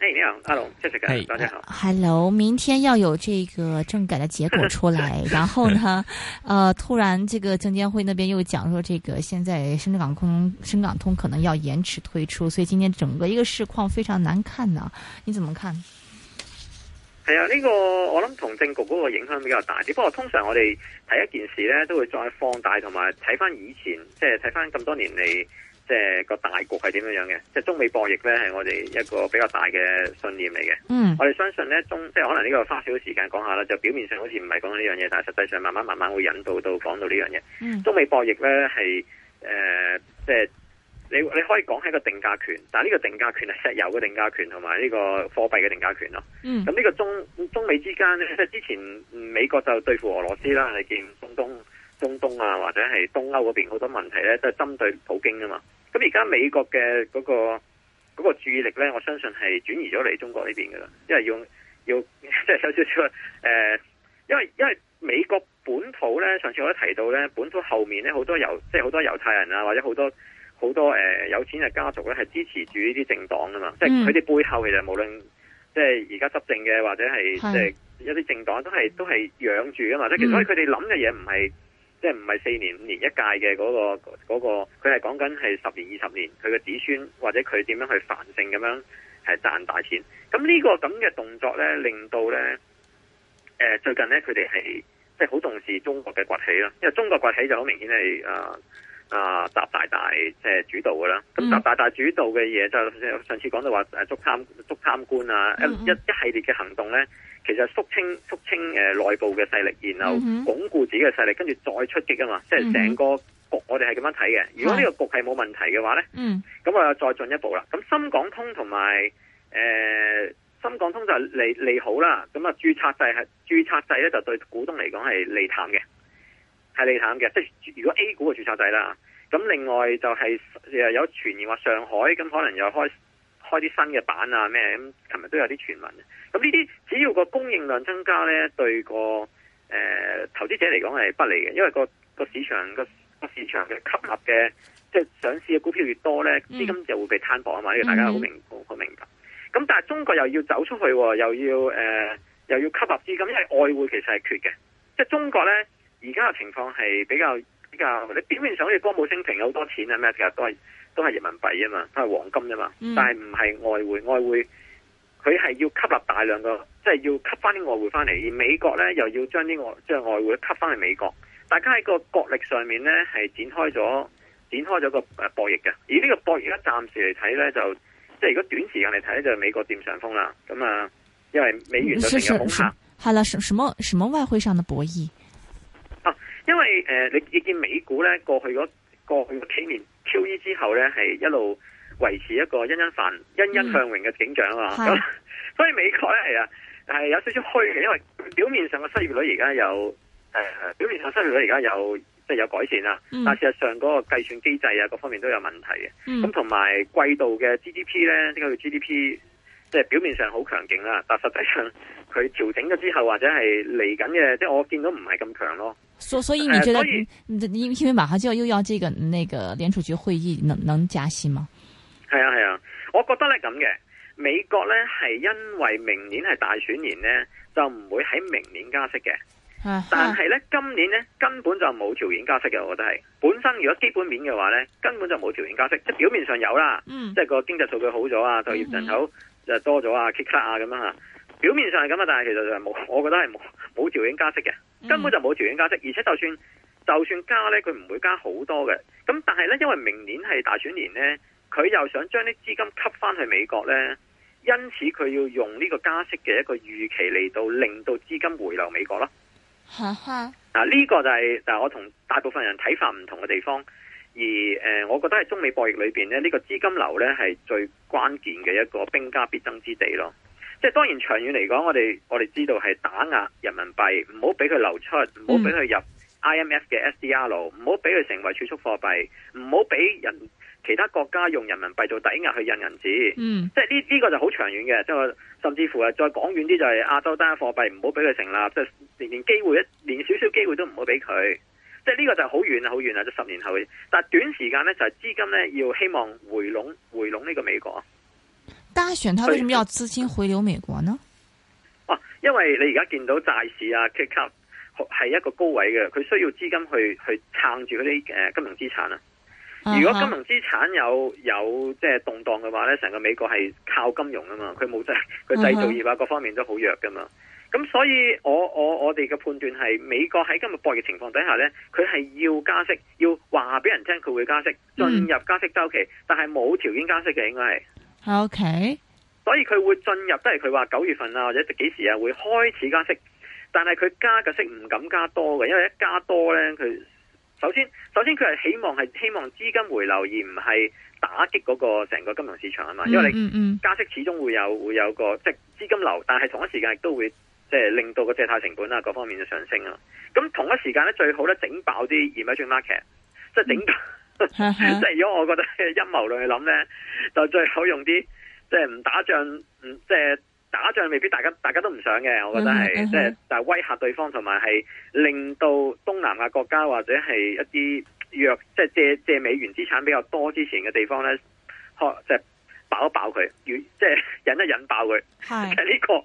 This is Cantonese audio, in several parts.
Hey, 你好，阿龍，謝大家好。Hello，明天要有這個政改的結果出來， 然後呢， 呃，突然這個證監會那邊又講說，這個現在深港通、深港通可能要延遲推出，所以今天整個一個市況非常難看呢、啊。你怎麼看？係啊，呢個我諗同政局嗰個影響比較大啲。只不過通常我哋睇一件事呢，都會再放大同埋睇翻以前，即係睇翻咁多年嚟。即係個大局係點樣樣嘅？即係中美博弈呢，係我哋一個比較大嘅信念嚟嘅。嗯，我哋相信呢，中，即係可能呢個花少少時間講下啦，就表面上好似唔係講緊呢樣嘢，但係實際上慢慢慢慢會引導到講到呢樣嘢。嗯、中美博弈呢，係誒、呃,即係你你可以講係個定價權，但係呢個定價權係石油嘅定價權同埋呢個貨幣嘅定價權咯。咁呢、嗯、個中中美之間，即係之前美國就對付俄羅斯啦，你見中東中東啊或者係東歐嗰邊好多問題呢，都係針對普京噶嘛。咁而家美國嘅嗰個嗰個注意力咧，我相信係轉移咗嚟中國呢邊噶啦，因為要，要即係 有少少誒，因為因為美國本土咧，上次我都提到咧，本土後面咧好多猶即係好多猶太人啊，或者好多好多、呃、有錢嘅家族咧，係支持住呢啲政黨噶嘛，即係佢哋背後其實無論即係而家執政嘅或者係即係一啲政黨都係都係養住㗎嘛，即係其實所以佢哋諗嘅嘢唔係。即係唔係四年五年一屆嘅嗰個個，佢係講緊係十年二十年，佢嘅子孫或者佢點樣去繁盛，咁樣係賺大錢。咁呢個咁嘅動作呢，令到呢誒、呃、最近呢，佢哋係即係好重視中國嘅崛起啦，因為中國崛起就好明顯係啊。呃啊！習、呃、大大即係、呃、主導噶啦，咁習大大主導嘅嘢就是嗯、上次講到話捉貪捉貪官啊，嗯、哼啊一一系列嘅行動咧，其實肅清肅清誒內、呃、部嘅勢力，然後鞏固自己嘅勢力，跟住再出擊啊嘛，即係成個局我哋係咁樣睇嘅。嗯、哼如果呢個局係冇問題嘅話咧，咁、嗯、我就再進一步啦。咁深港通同埋誒深港通就係利利好啦，咁啊註冊制係註冊制咧就對股東嚟講係利淡嘅。係利淡嘅，即係如果 A 股嘅註冊制啦，咁另外就係誒有傳言話上海咁可能又開開啲新嘅板啊咩，咁琴日都有啲傳聞。咁呢啲只要個供應量增加咧，對個誒、呃、投資者嚟講係不利嘅，因為個個市場個個市場嘅吸納嘅，即係上市嘅股票越多咧，資金就會被攤薄啊嘛，呢、這個大家好明好明白。咁但係中國又要走出去、哦，又要誒、呃、又要吸納資金，因為外匯其實係缺嘅，即係中國咧。而家嘅情況係比較比較，你表面上好似歌舞升平，有好多錢啊咩？其實都係都係人民幣啊嘛，都係黃金啫嘛。嗯、但係唔係外匯，外匯佢係要吸納大量嘅，即係要吸翻啲外匯翻嚟。而美國咧又要將啲外將外匯吸翻去美國。大家喺個國力上面咧係展開咗展開咗個誒博弈嘅。而呢個博弈咧暫時嚟睇咧就即係如果短時間嚟睇就美國佔上風啦。咁啊，因為美元都比較強。係啦，什什麼什麼外匯上嘅博弈？因為誒、呃，你你見美股咧過去嗰過去嗰幾年 QE 之後咧，係一路維持一個欣欣繁欣欣向榮嘅景象啊嘛。咁所以美國咧係啊，係有少少虛嘅，因為表面上嘅失業率而家有誒、呃，表面上失業率而家有即係、就是、有改善啦，mm. 但事實上嗰個計算機制啊，各方面都有問題嘅。咁同埋季度嘅 GDP 咧，點解叫 GDP？即係表面上好強勁啦，但實際上佢調整咗之後，或者係嚟緊嘅，即係我見到唔係咁強咯。所所以你覺得，呃、所以因為馬上就要又要這個那個聯儲局會議能，能能加息嗎？係啊係啊，我覺得咧咁嘅，美國咧係因為明年係大選年咧，就唔會喺明年加息嘅。Uh huh. 但係咧今年咧根本就冇條件加息嘅，我覺得係本身如果基本面嘅話咧，根本就冇條件加息。即係表面上有啦，嗯、即係個經濟數據好咗啊，嗯、哼就業人口。就多咗啊，kick c 啊咁樣吓，表面上係咁啊，但係其實就冇，我覺得係冇冇條件加息嘅，根本就冇條件加息，而且就算就算加咧，佢唔會加好多嘅。咁但係咧，因為明年係大選年咧，佢又想將啲資金吸翻去美國咧,因此佢要用呢個加息嘅一個預期嚟到令到資金回流美國咯。吓吓，嗱 呢個就係但係我同大部分人睇法唔同嘅地方。而誒，我覺得喺中美博弈裏邊咧，呢個資金流咧係最關鍵嘅一個兵家必爭之地咯。即係當然長遠嚟講，我哋我哋知道係打壓人民幣，唔好俾佢流出，唔好俾佢入 IMF 嘅 SDR，唔好俾佢成為儲蓄貨幣，唔好俾人其他國家用人民幣做抵押去印銀紙。嗯，即係呢呢個就好長遠嘅。即係甚至乎係再講遠啲，就係亞洲單貨幣唔好俾佢成立，即係連連機會一連少少機會都唔好俾佢。即係呢個就係好遠好遠啊，即十年後嘅。但係短時間咧，就係、是、資金咧要希望回籠，回籠呢個美國。大選，他為什麼要資金回流美國呢？哦、啊，因為你而家見到債市啊，kick up 係一個高位嘅，佢需要資金去去撐住嗰啲誒金融資產啊。Uh huh. 如果金融資產有有即係動盪嘅話咧，成個美國係靠金融啊嘛，佢冇製佢製造業啊，各方面都好弱噶嘛。咁所以我我我哋嘅判斷係美國喺今日博弈情況底下咧，佢係要加息，要話俾人聽佢會加息，進入加息週期，嗯、但係冇條件加息嘅，應該係。O Okay . K，所以佢會進入，都係佢話九月份啊或者幾時啊會開始加息，但係佢加嘅息唔敢加多嘅，因為一加多咧，佢首先首先佢係希望係希望資金回流而唔係打擊嗰個成個金融市場啊嘛，嗯嗯嗯因為你加息始終會有會有個即係資金流，但係同一時間亦都會。即係令到個借貸成本啊，各方面就上升啊。咁同一時間咧，最好咧整爆啲 Emerging Market，即係整即係如果我覺得陰謀論去諗咧，就最好用啲即係唔打仗，唔即係打仗未必大家大家都唔想嘅。我覺得係即係，但係、mm hmm. 威嚇對方同埋係令到東南亞國家或者係一啲弱，即係借借美元資產比較多之前嘅地方咧，即係爆一爆佢，即係引一引爆佢，係呢、mm hmm. 呢個。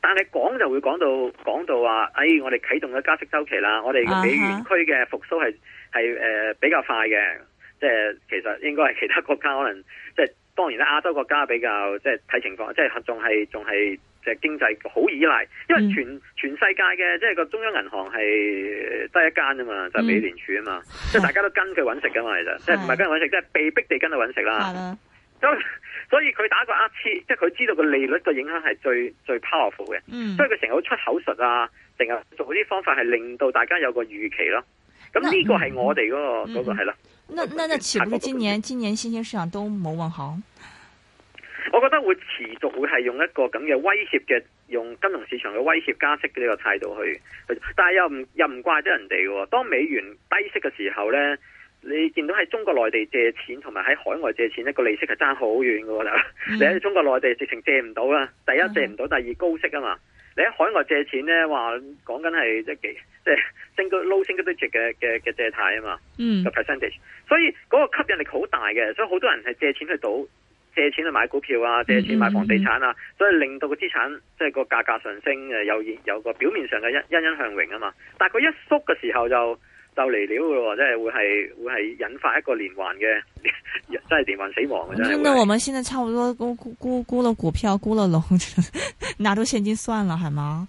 但係講就會講到講到話，喺、哎、我哋啟動咗加息周期啦，我哋美元區嘅復甦係係誒比較快嘅，即係其實應該係其他國家可能即係當然啦，亞洲國家比較即係睇情況，即係仲係仲係即係經濟好依賴，因為全、mm. 全世界嘅即係個中央銀行係得一間啊嘛，就係美聯儲啊嘛，mm. 即係大家都跟佢搵食噶嘛，mm. 其實 Yeah. 即係唔係跟佢搵食，Yeah. 即係被逼地跟佢搵食啦。Yeah. 所以佢打個呃即係佢知道個利率嘅影響係最最 powerful 嘅，嗯、所以佢成日出口術啊，成日做啲方法係令到大家有個預期咯。咁呢個係我哋嗰個嗰、嗰個係咯。那那那豈不是今年今年新興市場都冇銀行？我覺得會持續會係用一個咁嘅威脅嘅，用金融市場嘅威脅加息嘅呢個態度去，但係又唔又唔怪得人哋嘅。當美元低息嘅時候呢。你見到喺中國內地借錢同埋喺海外借錢一個利息係爭好遠噶喎，你喺中國內地直情借唔到啊！第一借唔到，第二高息啊嘛！你喺海外借錢呢，話講緊係即係即係 single、low single digit 嘅嘅嘅借貸啊、嗯、嘛，個、嗯、percentage，所以嗰個吸引力好大嘅，所以好多人係借錢去賭，借錢去買股票啊，借錢買房地產啊，嗯嗯、所以令到資、就是、個資產即係個價格上升誒，有有個表面上嘅欣欣欣向榮啊嘛，但係佢一縮嘅時候就。就嚟了喎！即係會係會係引發一個連環嘅，即係連環死亡。嘅。咁，那我們現在差不多沽沽沽了股票，沽了樓， 拿到現金算啦係嗎？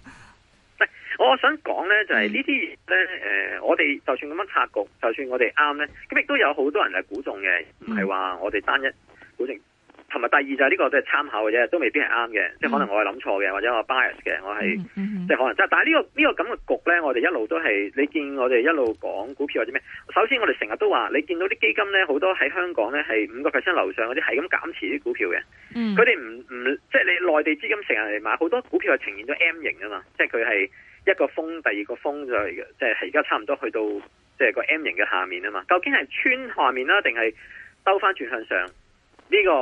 我想講咧，就係呢啲咧，誒，我哋就算咁樣拆局，就算我哋啱咧，咁亦都有好多人係估中嘅，唔係話我哋單一估定。同埋第二就係呢個都係參考嘅啫，都未必係啱嘅，嗯、即係可能我係諗錯嘅，或者我 bias 嘅，我係、嗯嗯、即係可能但係呢、呢個呢、呢個咁嘅局呢，我哋一路都係你見我哋一路講股票或者咩？首先我哋成日都話，你見到啲基金呢，好多喺香港呢，係五個 percent 樓上嗰啲，係咁減持啲股票嘅。嗯，佢哋唔唔即係你內地資金成日嚟買，好多股票係呈現咗 M 型啊嘛，即係佢係一個峰，第二個峰就即係而家差唔多去到即係、就係、個 M 型嘅下面啊嘛。究竟係穿下面啦、啊，定係兜翻轉向上？呢個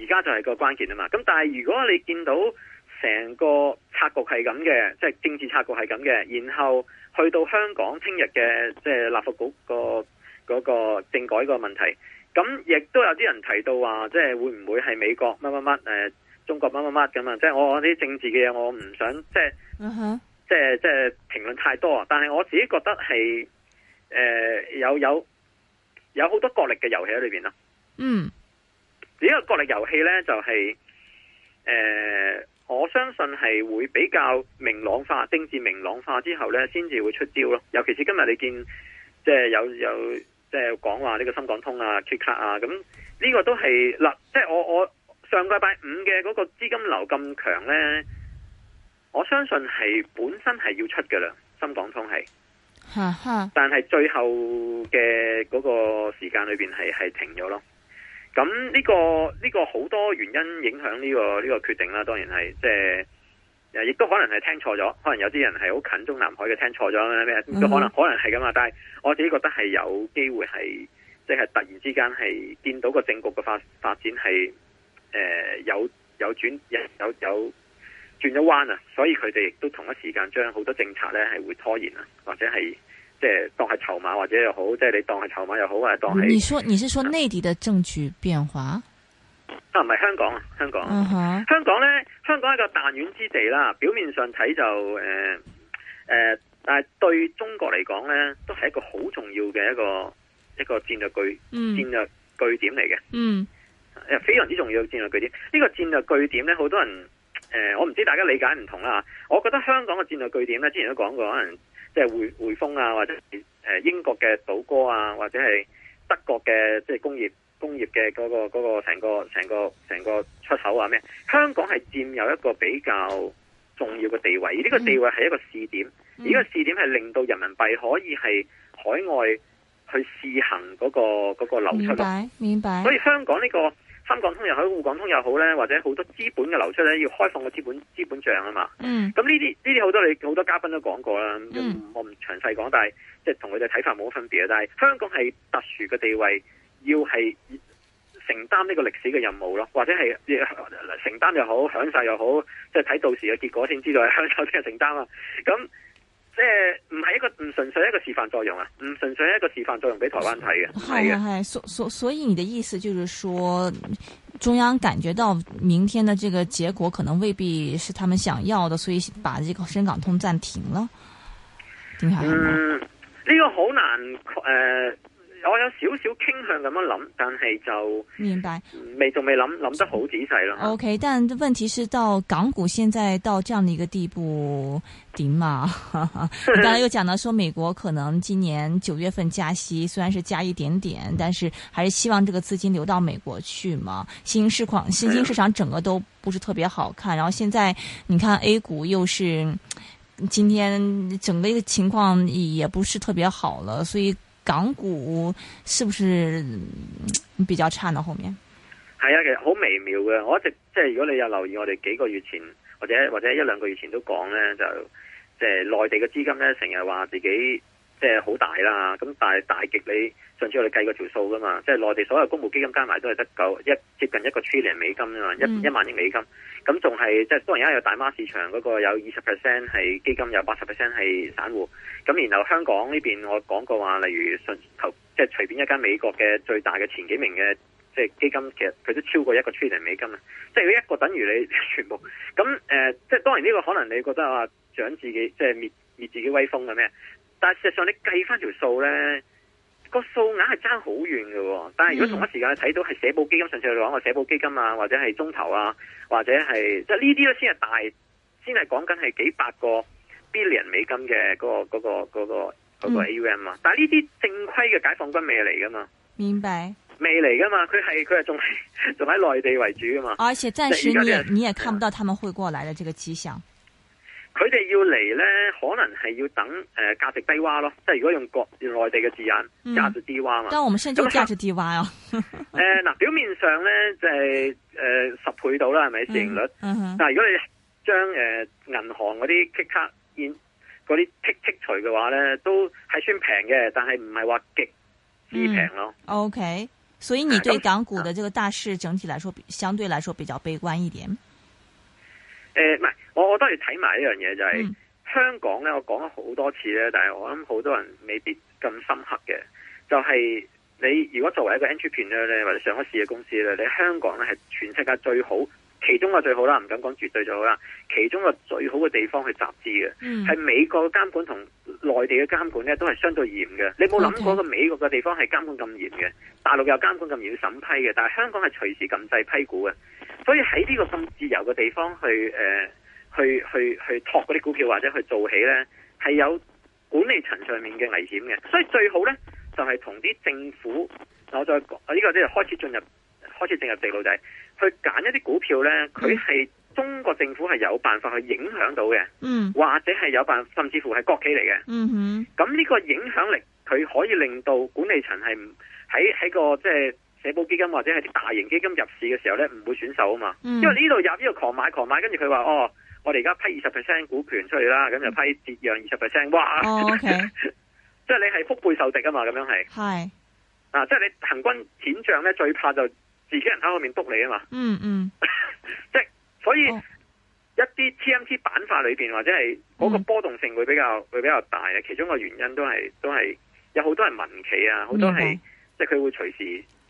而家就係個關鍵啊嘛，咁但係如果你見到成個策局係咁嘅，即係政治策局係咁嘅，然後去到香港聽日嘅即係立法局個嗰個政改個問題，咁亦都有啲人提到話，即係會唔會係美國乜乜乜誒，中國乜乜乜咁啊？即係我啲政治嘅嘢，我唔想即係，即係即係評論太多啊！但係我自己覺得係誒、呃，有有有好多國力嘅遊戲喺裏邊咯。嗯。只一個角力遊戲呢就係、是、誒、呃，我相信係會比較明朗化，政治明朗化之後呢先至會出招咯。尤其是今日你見即係有有即係講話呢個深港通啊、缺卡啊，咁、呃、呢、呃呃呃這個都係嗱，即係我我上個禮拜五嘅嗰個資金流咁強呢，我相信係本身係要出噶啦，深港通係 但係最後嘅嗰個時間裏邊係係停咗咯。咁呢、這個呢、這個好多原因影響呢、這個呢、這個決定啦，當然係即係，亦都可能係聽錯咗，可能有啲人係好近中南海嘅聽錯咗咩咩，都可能、mm hmm. 可能係咁啊，但係我自己覺得係有機會係，即、就、係、是、突然之間係見到個政局嘅發發展係，誒、呃，有有轉有有轉咗彎啊，所以佢哋亦都同一時間將好多政策呢係會拖延啊，或者係。即係當係籌碼或者又好，即係你當係籌碼又好啊，或者當係……你說你是說內地的政治變化？啊，唔係香港，香港，uh huh. 香港咧，香港係一個彈丸之地啦。表面上睇就誒誒、呃呃，但係對中國嚟講咧，都係一個好重要嘅一個一個戰略據、嗯、戰略據點嚟嘅。嗯，誒，非常之重要嘅戰略據點。呢、這個戰略據點咧，好多人誒、呃，我唔知大家理解唔同啦。我覺得香港嘅戰略據點咧，之前都講過。可能即係匯匯豐啊，或者誒英國嘅賭歌啊，或者係德國嘅即係工業工業嘅嗰、嗰個、嗰個成個成個成個出口啊咩？香港係佔有一個比較重要嘅地位，而、呢、呢個地位係一個試點，而、呢、呢個試點係令到人民幣可以係海外去試行嗰、嗰個、嗰個流出咯。明白，明白。所以香港呢、呢個。深港通又好，滬港通又好呢，或者好多資本嘅流出呢，要開放個資本資本帳啊嘛。嗯。咁呢啲呢啲好多你好多嘉賓都講過啦，嗯、我唔詳細講，但係即係同佢哋睇法冇分別啊。但係香港係特殊嘅地位，要係承擔呢個歷史嘅任務咯，或者係承擔又好，享受又好，即係睇到時嘅結果先知道係享受定係承擔啊。咁。即係唔係一個唔純粹一個示範作用啊，唔純粹一個示範作用俾台灣睇嘅，係、哦、啊係，嗯、所所所以你的意思就是說，中央感覺到明天嘅這個結果可能未必是他們想要嘅，所以把這個深港通暫停了。點解？嗯，呢、這個好難，誒、呃。.我有少少傾向咁樣諗，但係就明白未，仲未諗諗得好仔細咯。OK，但問題是到港股現在到這樣的一個地步，頂嘛？ 你剛才又講到說美國可能今年九月份加息，雖然是加一點點，但是還是希望這個資金流到美國去嘛。新興市況、新興市場整個都不是特別好看，然後現在你看 A 股又是今天整個一個情況也不是特別好了，所以。港股是不是比較差呢？後面係啊，其實好微妙嘅。我一直即係如果你有留意，我哋幾個月前或者或者一兩個月前都講咧，就即係、就是、內地嘅資金咧，成日話自己。即係好大啦，咁但係大極你上次我哋計過條數噶嘛，即係內地所有公募基金加埋都係得夠一接近一個 trillion 美金啊嘛，一、mm. 一萬億美金。咁仲係即係當然，而家有大媽市場嗰個有二十 percent 係基金，有八十 percent 係散戶。咁然後香港呢邊，我講過話，例如信即係隨便一間美國嘅最大嘅前幾名嘅即係基金，其實佢都超過一個 trillion 美金啊！即係如果一個等於你全部咁即係當然呢個可能你覺得話長自己即係滅滅自己威風嘅咩？但係事實上你計一數呢，你計翻條數咧，個數額係爭好遠嘅。但係如果同一時間睇到係社保基金上次去講個社保基金啊，或者係中投啊，或者係即係呢啲咧先係大，先係講緊係幾百個 billion 美金嘅嗰、那個嗰、那個嗰、那個、那個 AUM 啊。嗯、但係呢啲正規嘅解放軍未嚟噶嘛？明白，未嚟噶嘛？佢係佢係仲係仲喺內地為主噶嘛？而且暫時你也你也看不到他們會過來的這個跡象。佢哋要嚟咧，可能係要等誒價值低窪咯，即係如果用國內地嘅字眼價值低窪嘛。但係我們先講價值低窪啊。誒嗱，表面上咧就係誒十倍到啦，係咪市盈率？但係如果你將誒銀行嗰啲息卡現啲剔剔除嘅話咧，都係算平嘅，但係唔係話極之平咯。OK，所以你對港股嘅這個大市整體來說，相對來說比較悲觀一點。誒，唔係、呃，我我都係睇埋一樣嘢就係、是、香港咧。我講咗好多次咧，但係我諗好多人未必咁深刻嘅。就係、是、你如果作為一個 entrepreneur 咧，或者上一市嘅公司咧，你香港咧係全世界最好，其中嘅最好啦，唔敢講絕對最好啦，其中個最好嘅地方去集資嘅，係、嗯、美國嘅監管同內地嘅監管咧都係相對嚴嘅。你冇諗過個美國嘅地方係監管咁嚴嘅，Okay. 大陸又監管咁嚴要審批嘅，但係香港係隨時禁制批股嘅。所以喺呢個咁自由嘅地方去誒、呃，去去去託嗰啲股票或者去做起咧，係有管理層上面嘅危險嘅。所以最好咧，就係同啲政府，我再講，呢、呢個即係開始進入，開始進入地路仔、就是，去揀一啲股票咧，佢係中國政府係有辦法去影響到嘅，是的或者係有辦法，甚至乎係國企嚟嘅。咁呢、嗯、哼個影響力，佢可以令到管理層係喺喺個即係。就是社保基金或者係啲大型基金入市嘅時候咧，唔會選手啊嘛，嗯、因為呢度入呢度狂買狂買，跟住佢話哦，我哋而家批二十 percent 股權出嚟啦，咁就批折讓二十 percent，哇即係、哦 okay、 你係腹背受敵啊嘛，咁樣係係，是啊，即、就、係、是、你行軍淺仗咧，最怕就自己人喺後面督你啊嘛，嗯嗯，即、嗯、係、 就是、所以、哦、一啲 T M T 板塊裏邊或者係嗰個波動性會比較、嗯、會比較大嘅，其中個原因都係都係有好多係民企啊，好多係即係佢會隨時。